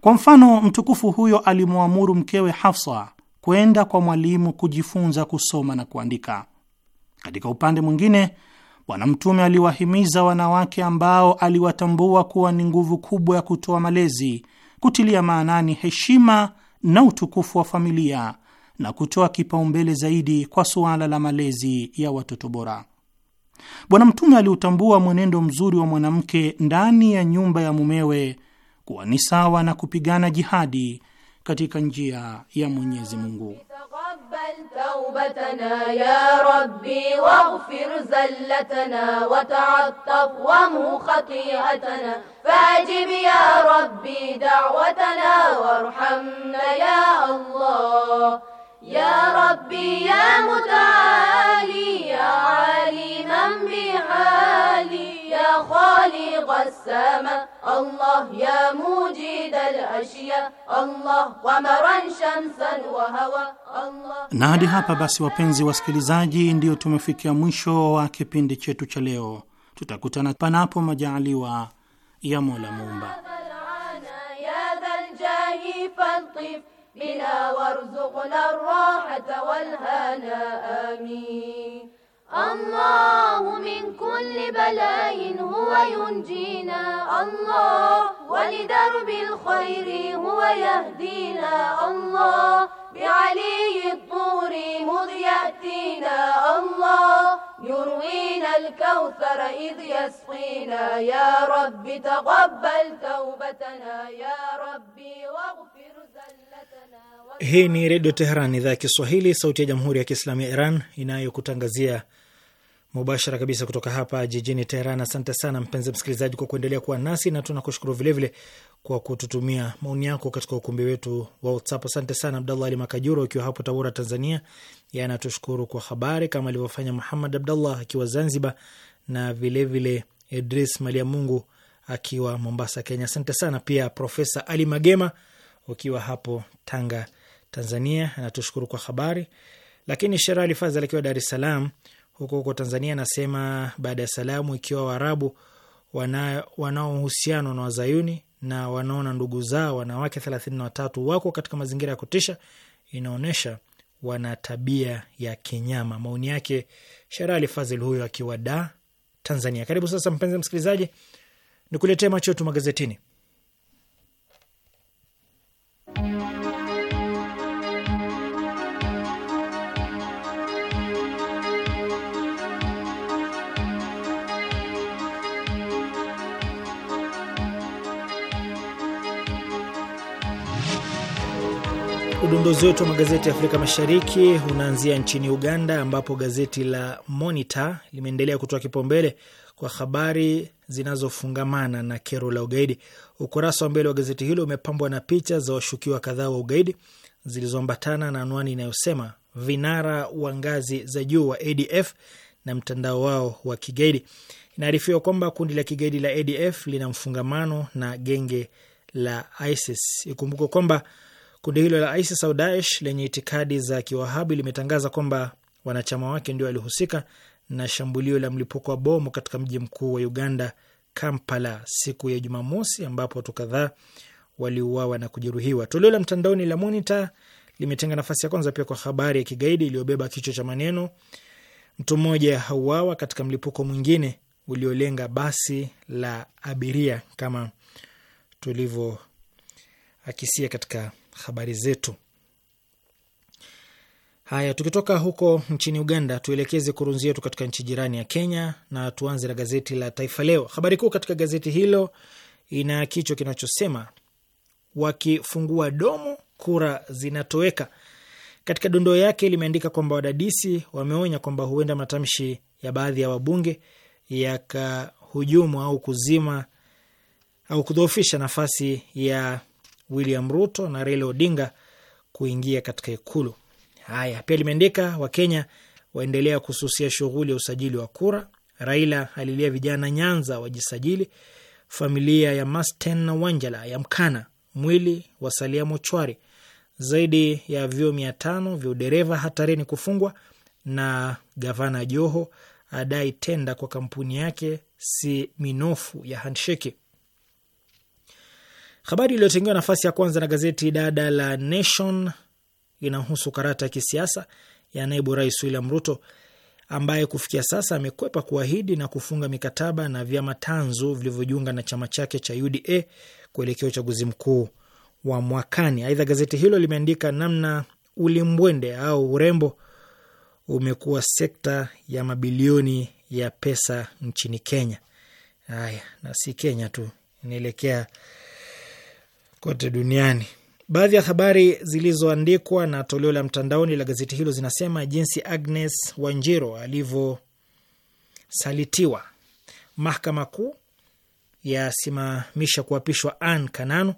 Kwa mfano, mtukufu huyo alimwamuru mkewe Hafsa kwenda kwa mwalimu kujifunza kusoma na kuandika. Katika upande mwingine, Bwana Mtume aliwahimiza wanawake ambao aliwatambua kuwa ni nguvu kubwa ya kutoa malezi kutilia maanani heshima na utukufu wa familia na kutoa kipaumbele zaidi kwa suala la malezi ya watoto bora. Bwana Mtume aliutambua mwenendo mzuri wa mwanamke ndani ya nyumba ya mumewe kuwa ni sawa na kupigana jihadi katika njia ya Mwenyezi Mungu. يا ربي يا متعالي يا عليما بحالي يا خالق السماء الله يا موجد الأشياء Allah qamaran shamsan wa hawa Allah. Na hadi hapa basi, wapenzi wasikilizaji, ndio tumefikia mwisho wa kipindi chetu cha leo. Tutakutana panapo majaaliwa ya Mola Muumba. بنا وارزقنا الراحة والهنا آمين الله من كل بلاء هو ينجينا الله ولدرب الخير هو يهدينا الله بعلي الطور مذ يأتينا الله يروينا الكوثر إذ يسقينا يا رب تقبل توبتنا يا رب واغفر زلتنا و... Hii ni Redio Teheran, idhaa ya Kiswahili, sauti ya Jamhuri ya Kiislamu ya Iran inayokutangazia mubashara kabisa kutoka hapa jijini Teheran. Asante sana mpenzi msikilizaji kwa kuendelea kuwa nasi na tunakushukuru vilevile kwa kututumia maoni yako katika ukumbi wetu wa WhatsApp. Asante sana Abdallah Ali Makajuro ukiwa hapo Tabora, Tanzania, yanatushukuru kwa habari kama alivyofanya Muhamad Abdallah akiwa Zanzibar na vilevile vile Idris Mungu akiwa Mombasa, Kenya. Asante sana pia Profesa Ali Magema ukiwa hapo Tanga, Tanzania, anatushukuru kwa habari. Lakini Sherali Fazal akiwa Dar es Salaam huko huko Tanzania anasema, baada ya salamu, ikiwa Waarabu wanao uhusiano na Wazayuni na wanaona ndugu zao wanawake thelathini na watatu wako katika mazingira ya kutisha, inaonyesha wana tabia ya kinyama. Maoni yake Sherali Fazil huyo akiwa Da, Tanzania. Karibu sasa, mpenzi msikilizaji, nikuletee macho yetu magazetini. Udondozi wetu wa magazeti ya Afrika Mashariki unaanzia nchini Uganda, ambapo gazeti la Monitor limeendelea kutoa kipaumbele kwa habari zinazofungamana na kero la ugaidi. Ukurasa wa mbele wa gazeti hilo umepambwa na picha za washukiwa kadhaa wa ugaidi zilizoambatana na anwani inayosema vinara wa ngazi za juu wa ADF na mtandao wao wa kigaidi. Inaarifiwa kwamba kundi la kigaidi la ADF lina mfungamano na genge la ISIS. Ikumbukwe kwamba Kundi hilo la ISIS au Daesh lenye itikadi za kiwahabu limetangaza kwamba wanachama wake ndio walihusika na shambulio la mlipuko wa bomu katika mji mkuu wa Uganda, Kampala, siku ya Jumamosi, ambapo watu kadhaa waliuawa na kujeruhiwa. Toleo la mtandaoni la Monitor limetenga nafasi ya kwanza pia kwa habari ya kigaidi iliyobeba kichwa cha maneno, mtu mmoja hauawa katika mlipuko mwingine uliolenga basi la abiria, kama akisia katika habari zetu. Haya, tukitoka huko nchini Uganda, tuelekeze kurunzi yetu katika nchi jirani ya Kenya na tuanze na gazeti la Taifa Leo. Habari kuu katika gazeti hilo ina kichwa kinachosema wakifungua domo kura zinatoweka. Katika dondoo yake limeandika kwamba wadadisi wameonya kwamba huenda matamshi ya baadhi ya wabunge yakahujumu au kuzima au kudhoofisha nafasi ya William Ruto na Raila Odinga kuingia katika Ikulu. Haya pia limeandika Wakenya waendelea kususia shughuli ya usajili wa kura. Raila alilia vijana Nyanza wajisajili. Familia ya Masten na Wanjala ya mkana mwili wasalia mochwari. Zaidi ya vyuo mia tano vya udereva hatarini kufungwa. Na gavana Joho adai tenda kwa kampuni yake si minofu ya handsheki. Habari iliyotengewa nafasi ya kwanza na gazeti dada la Nation inahusu karata ya kisiasa ya naibu rais William Ruto ambaye kufikia sasa amekwepa kuahidi na kufunga mikataba na vyama tanzu vilivyojiunga na chama chake cha UDA kuelekea uchaguzi mkuu wa mwakani. Aidha, gazeti hilo limeandika namna ulimbwende au urembo umekuwa sekta ya mabilioni ya pesa nchini Kenya. Haya, na si Kenya tu, inaelekea kote duniani. Baadhi ya habari zilizoandikwa na toleo la mtandaoni la gazeti hilo zinasema jinsi Agnes Wanjiro alivyosalitiwa, mahakama kuu yasimamisha kuapishwa an kanano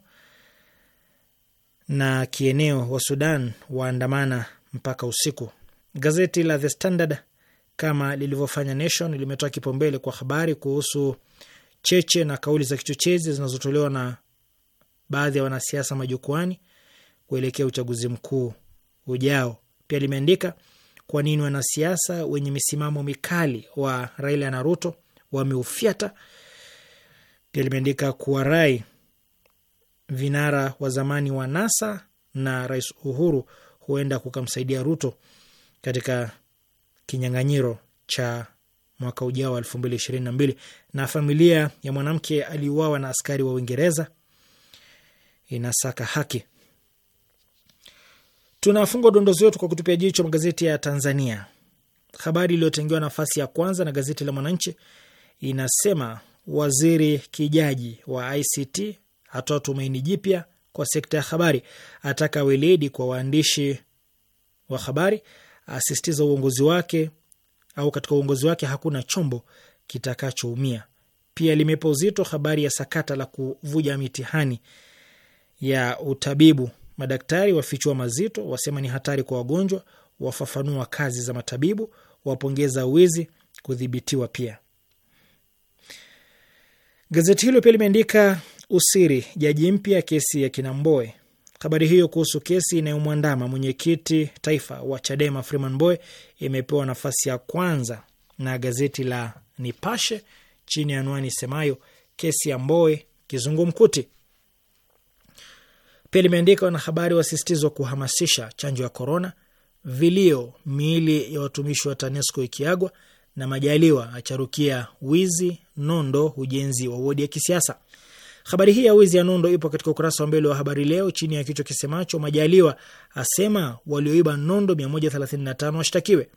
na kieneo wa Sudan waandamana mpaka usiku. Gazeti la The Standard kama lilivyofanya Nation limetoa kipaumbele kwa habari kuhusu cheche na kauli za kichochezi zinazotolewa na baadhi ya wanasiasa majukwani kuelekea uchaguzi mkuu ujao. Pia limeandika kwa nini wanasiasa wenye misimamo mikali wa Raila na Ruto wameufyata. Pia limeandika kuwarai vinara wa zamani wa NASA na Rais Uhuru huenda kukamsaidia Ruto katika kinyang'anyiro cha mwaka ujao wa elfu mbili ishirini na mbili. Na familia ya mwanamke aliuawa na askari wa Uingereza inasaka haki. Tunafunga dondozi wetu kwa kutupia jicho magazeti ya Tanzania. Habari iliyotengewa nafasi ya kwanza na gazeti la Mwananchi inasema waziri Kijaji wa ICT atoa tumaini jipya kwa sekta ya habari, ataka weledi kwa waandishi wa habari, asisitiza uongozi wake au katika uongozi wake hakuna chombo kitakachoumia. Pia limepa uzito habari ya sakata la kuvuja mitihani ya utabibu. Madaktari wafichua mazito, wasema ni hatari kwa wagonjwa, wafafanua kazi za matabibu, wapongeza wizi kudhibitiwa. Pia gazeti hilo pia limeandika usiri jaji mpya kesi ya Kinamboe. Habari hiyo kuhusu kesi inayomwandama mwenyekiti taifa wa Chadema Freeman Mbowe imepewa nafasi ya kwanza na gazeti la Nipashe chini ya anwani semayo kesi ya Mbowe kizungumkuti. Pia limeandika wanahabari wasisitizwa kuhamasisha chanjo ya korona, vilio miili ya watumishi wa TANESCO ikiagwa, na Majaliwa acharukia wizi nondo ujenzi wa wodi ya kisiasa. Habari hii ya wizi ya nondo ipo katika ukurasa wa mbele wa Habari Leo chini ya kichwa kisemacho Majaliwa asema walioiba nondo 135 washtakiwe.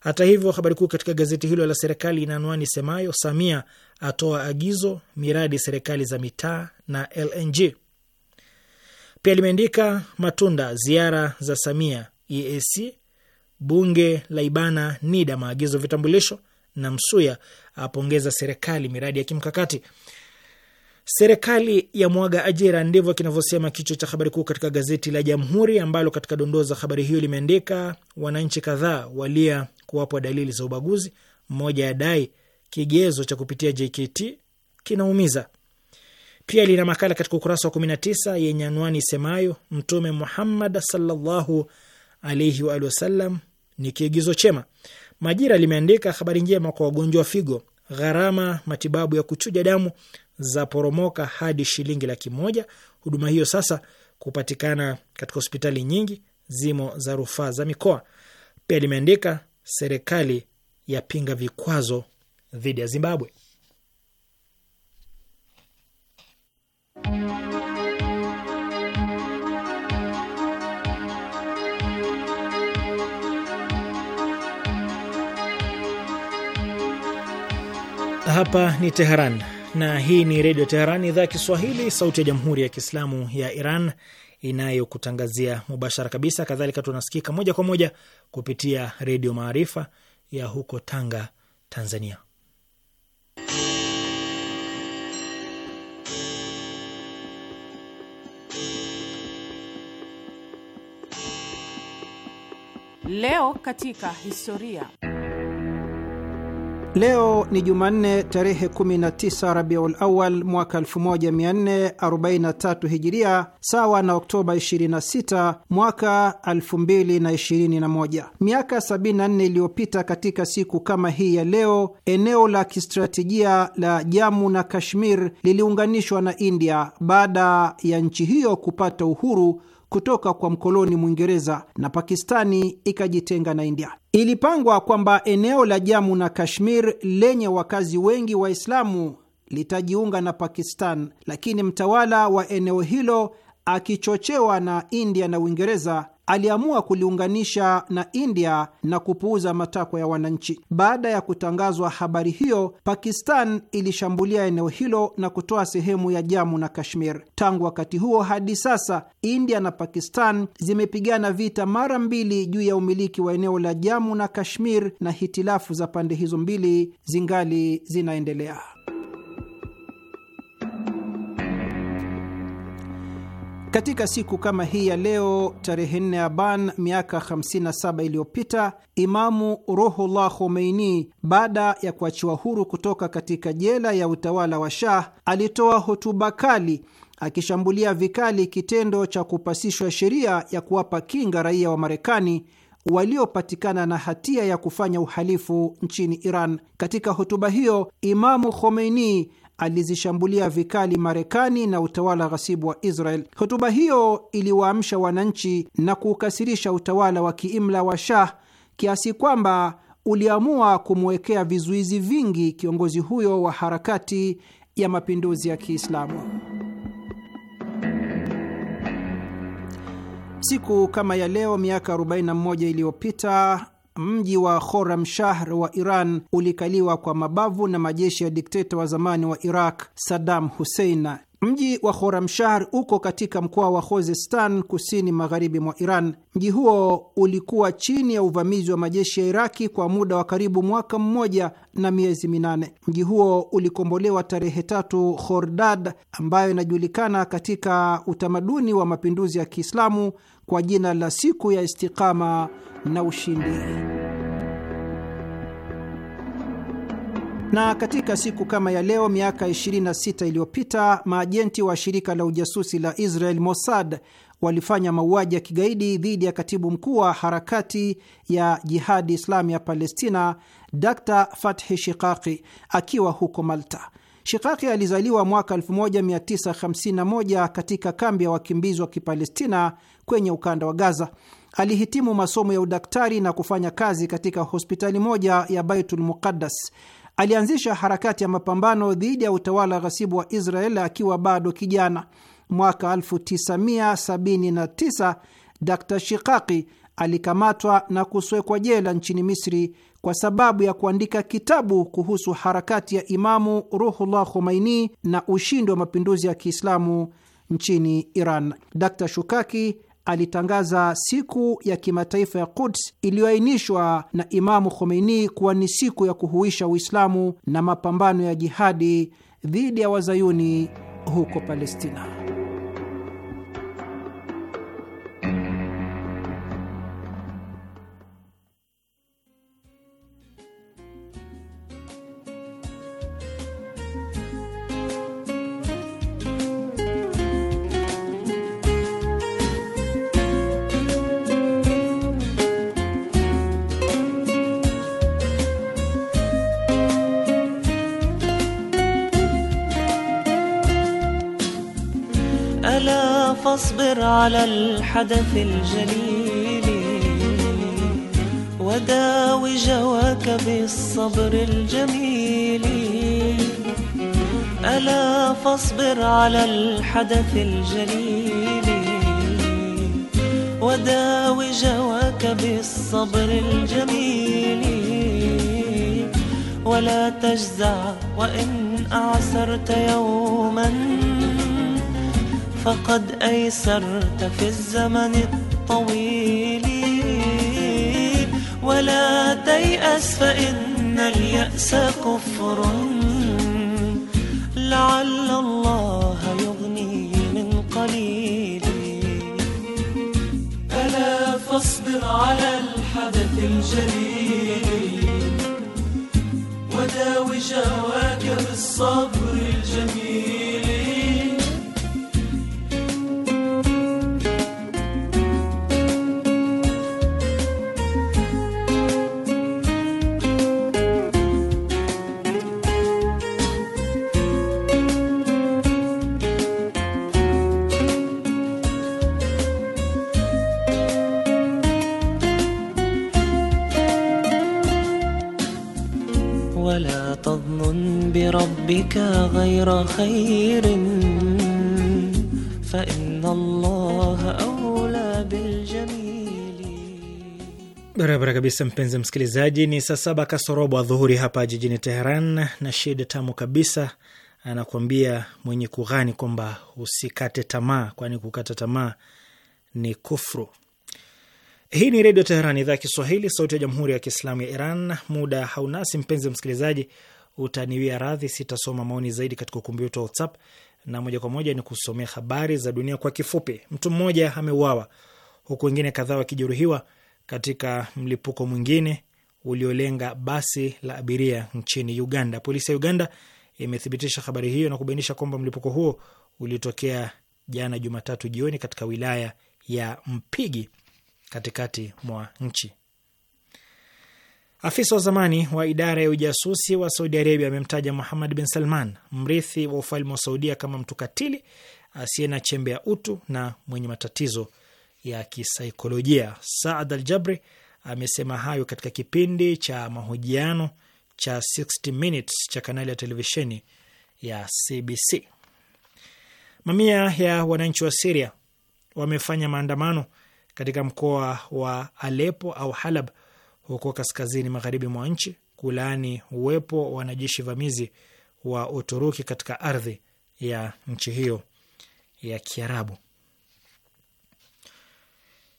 Hata hivyo, habari kuu katika gazeti hilo la serikali ina anwani semayo Samia atoa agizo miradi serikali za mitaa na LNG. Pia limeandika matunda ziara za Samia EAC, bunge la ibana NIDA maagizo vitambulisho, na Msuya apongeza serikali miradi ya kimkakati. Serikali ya mwaga ajira, ndivyo kinavyosema kichwa cha habari kuu katika gazeti la Jamhuri, ambalo katika dondoo za habari hiyo limeandika wananchi kadhaa walia kuwapwa dalili za ubaguzi, mmoja adai kigezo cha kupitia JKT kinaumiza pia lina makala katika ukurasa wa 19 yenye anwani isemayo Mtume Muhammad sallallahu alaihi wa alihi wasallam ni kiigizo chema. Majira limeandika habari njema kwa wagonjwa figo, gharama matibabu ya kuchuja damu za poromoka hadi shilingi laki moja. Huduma hiyo sasa kupatikana katika hospitali nyingi zimo za rufaa za mikoa. Pia limeandika serikali yapinga vikwazo dhidi ya Zimbabwe. Hapa ni Teheran na hii ni Redio Teheran, idhaa ya Kiswahili, sauti ya Jamhuri ya Kiislamu ya Iran inayokutangazia mubashara kabisa. Kadhalika tunasikika moja kwa moja kupitia Redio Maarifa ya huko Tanga, Tanzania. Leo katika historia Leo ni Jumanne tarehe 19 Rabiul Awal mwaka 1443 Hijiria, sawa na Oktoba 26 mwaka 2021. Miaka 74 iliyopita katika siku kama hii ya leo, eneo la kistratejia la Jamu na Kashmir liliunganishwa na India baada ya nchi hiyo kupata uhuru kutoka kwa mkoloni Mwingereza na Pakistani ikajitenga na India. Ilipangwa kwamba eneo la Jamu na Kashmir lenye wakazi wengi Waislamu litajiunga na Pakistan, lakini mtawala wa eneo hilo akichochewa na India na Uingereza aliamua kuliunganisha na India na kupuuza matakwa ya wananchi. Baada ya kutangazwa habari hiyo, Pakistan ilishambulia eneo hilo na kutoa sehemu ya Jamu na Kashmir. Tangu wakati huo hadi sasa, India na Pakistan zimepigana vita mara mbili juu ya umiliki wa eneo la Jamu na Kashmir, na hitilafu za pande hizo mbili zingali zinaendelea. Katika siku kama hii ya leo tarehe 4 Aban miaka 57 iliyopita, Imamu Ruhullah Khomeini, baada ya kuachiwa huru kutoka katika jela ya utawala wa Shah, alitoa hotuba kali akishambulia vikali kitendo cha kupasishwa sheria ya kuwapa kinga raia wa Marekani waliopatikana na hatia ya kufanya uhalifu nchini Iran. Katika hotuba hiyo, Imamu Khomeini alizishambulia vikali Marekani na utawala ghasibu wa Israel. Hotuba hiyo iliwaamsha wananchi na kuukasirisha utawala wa kiimla wa Shah kiasi kwamba uliamua kumwekea vizuizi vingi kiongozi huyo wa harakati ya mapinduzi ya Kiislamu. Siku kama ya leo miaka 41 iliyopita mji wa Khorramshahr wa Iran ulikaliwa kwa mabavu na majeshi ya dikteta wa zamani wa Iraq, Saddam Hussein. Mji wa Khorramshahr uko katika mkoa wa Khuzestan kusini magharibi mwa Iran. Mji huo ulikuwa chini ya uvamizi wa majeshi ya Iraki kwa muda wa karibu mwaka mmoja na miezi minane. Mji huo ulikombolewa tarehe tatu Khordad, ambayo inajulikana katika utamaduni wa mapinduzi ya Kiislamu kwa jina la siku ya istikama na ushindi. Na katika siku kama ya leo miaka 26 iliyopita maajenti wa shirika la ujasusi la Israel Mossad walifanya mauaji ya kigaidi dhidi ya katibu mkuu wa harakati ya Jihadi Islami ya Palestina, Dr Fathi Shikaki akiwa huko Malta. Shikaki alizaliwa mwaka 1951 katika kambi ya wakimbizi wa Kipalestina kwenye ukanda wa Gaza. Alihitimu masomo ya udaktari na kufanya kazi katika hospitali moja ya Baitul Muqaddas. Alianzisha harakati ya mapambano dhidi ya utawala ghasibu wa Israel akiwa bado kijana. Mwaka 1979 Dr Shikaki alikamatwa na kuswekwa jela nchini Misri kwa sababu ya kuandika kitabu kuhusu harakati ya Imamu Ruhullah Khomeini na ushindi wa mapinduzi ya Kiislamu nchini Iran. Dr Shukaki alitangaza siku ya kimataifa ya Quds iliyoainishwa na Imamu Khomeini kuwa ni siku ya kuhuisha Uislamu na mapambano ya jihadi dhidi ya wazayuni huko Palestina. فاصبر على الحدث الجليل وداوي جواك بالصبر الجميل ألا فاصبر على الحدث الجليل وداوي جواك بالصبر الجميل ولا تجزع وإن أعسرت يوماً فقد أيسرت في الزمن الطويل ولا تيأس فإن اليأس كفر لعل الله يغني من قليل ألا فاصبر على الحدث الجليل وداوي شهواك بالصبر الجميل ربك غير خير فإن الله أولى بالجميل barabara kabisa, mpenzi msikilizaji, ni saa saba kasorobo adhuhuri hapa jijini Teheran, na shida tamu kabisa anakuambia mwenye kughani kwamba usikate tamaa, kwani kukata tamaa ni kufru. Hii ni Redio Teheran, idhaa ya Kiswahili, sauti ya Jamhuri ya Kiislamu ya Iran. Muda haunasi mpenzi msikilizaji utaniwia radhi, sitasoma maoni zaidi katika ukumbi wetu wa WhatsApp na moja kwa moja ni kusomea habari za dunia kwa kifupi. Mtu mmoja ameuawa huku wengine kadhaa wakijeruhiwa katika mlipuko mwingine uliolenga basi la abiria nchini Uganda. Polisi ya Uganda imethibitisha habari hiyo na kubainisha kwamba mlipuko huo ulitokea jana Jumatatu jioni katika wilaya ya Mpigi katikati mwa nchi. Afisa wa zamani wa idara ya ujasusi wa Saudi Arabia amemtaja Muhammad bin Salman, mrithi wa ufalme wa Saudia, kama mtu katili asiye na chembe ya utu na mwenye matatizo ya kisaikolojia. Saad Al Jabri amesema hayo katika kipindi cha mahojiano cha 60 Minutes cha kanali ya televisheni ya CBC. Mamia ya wananchi wa Siria wamefanya maandamano katika mkoa wa Alepo au Halab huko kaskazini magharibi mwa nchi kulaani uwepo wa wanajeshi vamizi wa Uturuki katika ardhi ya nchi hiyo ya Kiarabu.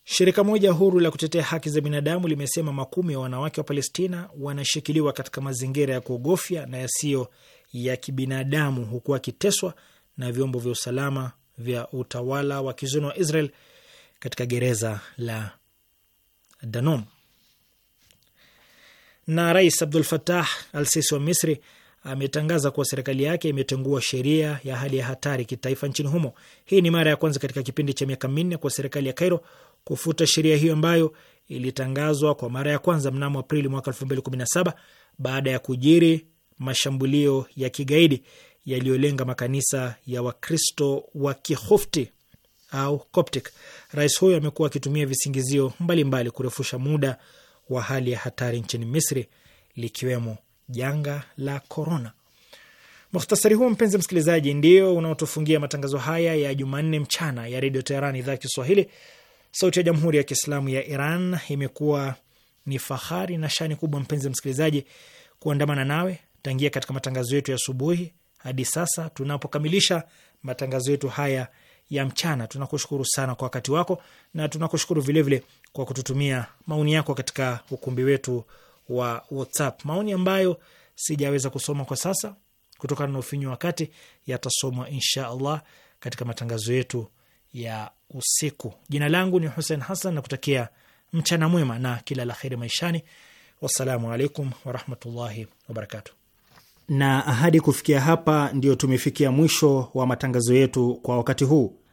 Shirika moja huru la kutetea haki za binadamu limesema makumi ya wanawake wa Palestina wanashikiliwa katika mazingira ya kuogofya na yasiyo ya kibinadamu, huku wakiteswa na vyombo vya usalama vya utawala wa kizuni wa Israel katika gereza la Danom. Na Rais Abdul fatah al Sisi wa Misri ametangaza kuwa serikali yake imetengua sheria ya hali ya hatari kitaifa nchini humo. Hii ni mara ya kwanza katika kipindi cha miaka minne kwa serikali ya Cairo kufuta sheria hiyo ambayo ilitangazwa kwa mara ya kwanza mnamo Aprili mwaka 2017 baada ya kujiri mashambulio ya kigaidi yaliyolenga makanisa ya Wakristo wa Kihofti au Coptic. Rais huyo amekuwa akitumia visingizio mbalimbali mbali kurefusha muda wa hali ya hatari nchini Misri, likiwemo janga la korona. Mukhtasari huo mpenzi msikilizaji, ndio unaotufungia matangazo haya ya Jumanne mchana ya Redio Teheran, idhaa ya Kiswahili, sauti ya Jamhuri ya Kiislamu ya Iran. Imekuwa ni fahari na shani kubwa, mpenzi msikilizaji, kuandamana nawe tangia katika matangazo yetu ya asubuhi hadi sasa tunapokamilisha matangazo yetu haya ya mchana. Tunakushukuru sana kwa wakati wako na tunakushukuru vilevile kwa kututumia maoni yako katika ukumbi wetu wa WhatsApp. Maoni ambayo sijaweza kusoma kwa sasa kutokana na ufinyu wa wakati yatasomwa insha Allah katika matangazo yetu ya usiku. Jina langu ni Hussein Hassan na kutakia mchana mwema na kila la kheri maishani. Wassalamu alaikum warahmatullahi wabarakatu. Na ahadi kufikia hapa, ndio tumefikia mwisho wa matangazo yetu kwa wakati huu.